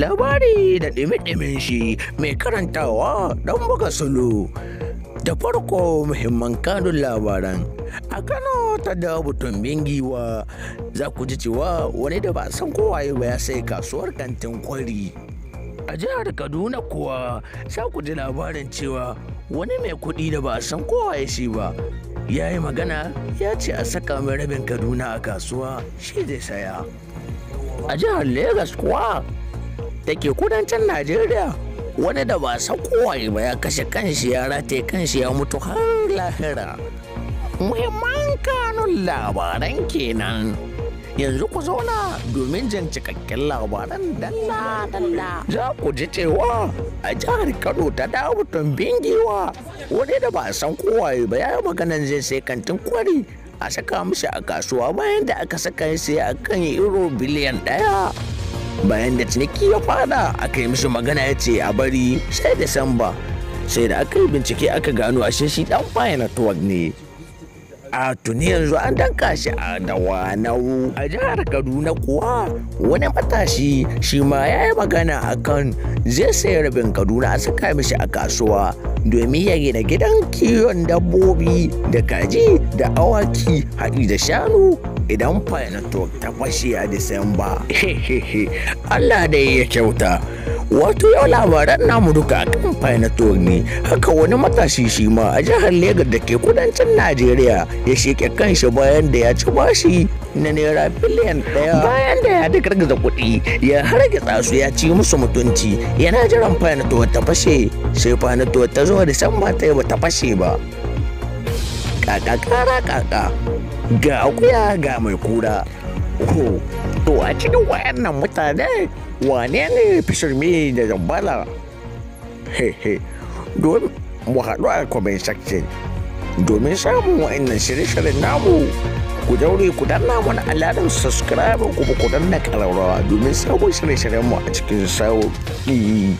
labari da ɗimi-ɗimin shi mai karantawa don buga sulu da farko muhimman kanun labaran a kano ta da butun giwa za ku ji cewa wani da ba san kowaye ba ya sai kasuwar kantin kwari a jihar kaduna kuwa za ku ji labarin cewa wani mai kuɗi da ba san kowaye shi ba ya yi magana ya ce a saka mai rabin kaduna a kasuwa shi zai saya a jihar Legas kuwa da ke kudancin najeriya wani da ba sakowaye ba ya kashe kanshi ya rataye kanshi ya mutu har lahira muhimman kanun labaran kenan yanzu ku zauna domin jan cikakken labaran dalla-dalla za ku ji cewa a jihar kano ta dawo bingewa wani da ba san kowaye ba ya yi maganan zai sai kantin kwari a saka mishi a kasuwa bayan da aka saka shi a kan euro biliyan ɗaya. bayan da ciniki ya fada aka yi mishi magana ya ce a bari sai disamba sai da aka yi bincike aka gano ashe shi dan baya network ne a tuni yanzu an danka shi a dawanau a jihar kaduna kuwa wani matashi shi ma ya yi magana akan zai sayi rabin kaduna a saka mishi a kasuwa domin ya gina gidan kiwon dabbobi da kaji da awaki haɗi da shanu idan fanato ta fashe a disamba allah dai ya kyauta wato yau labaran namu duka kan fanato ne haka wani matashi shi ma a jihar Legas da ke kudancin najeriya ya sheke kanshi bayan da ya ci bashi na naira biliyan daya bayan da ya gargaza kuɗi ya hargitsa su ya ci musu mutunci yana jiran fanato ta fashe sai fanato ta zo disamba ta yi ba ta fashe ba kaka kara kaka ga akuya ga mai kura to a cikin wayannan mutane wane ne fishirmi da zambala he don mu haɗu a comment section domin samun wayannan shirye-shiryen namu ku daure ku danna mana aladar subscribe ku ku danna ƙararrawa domin sabon shirye shiryen mu a cikin sauƙi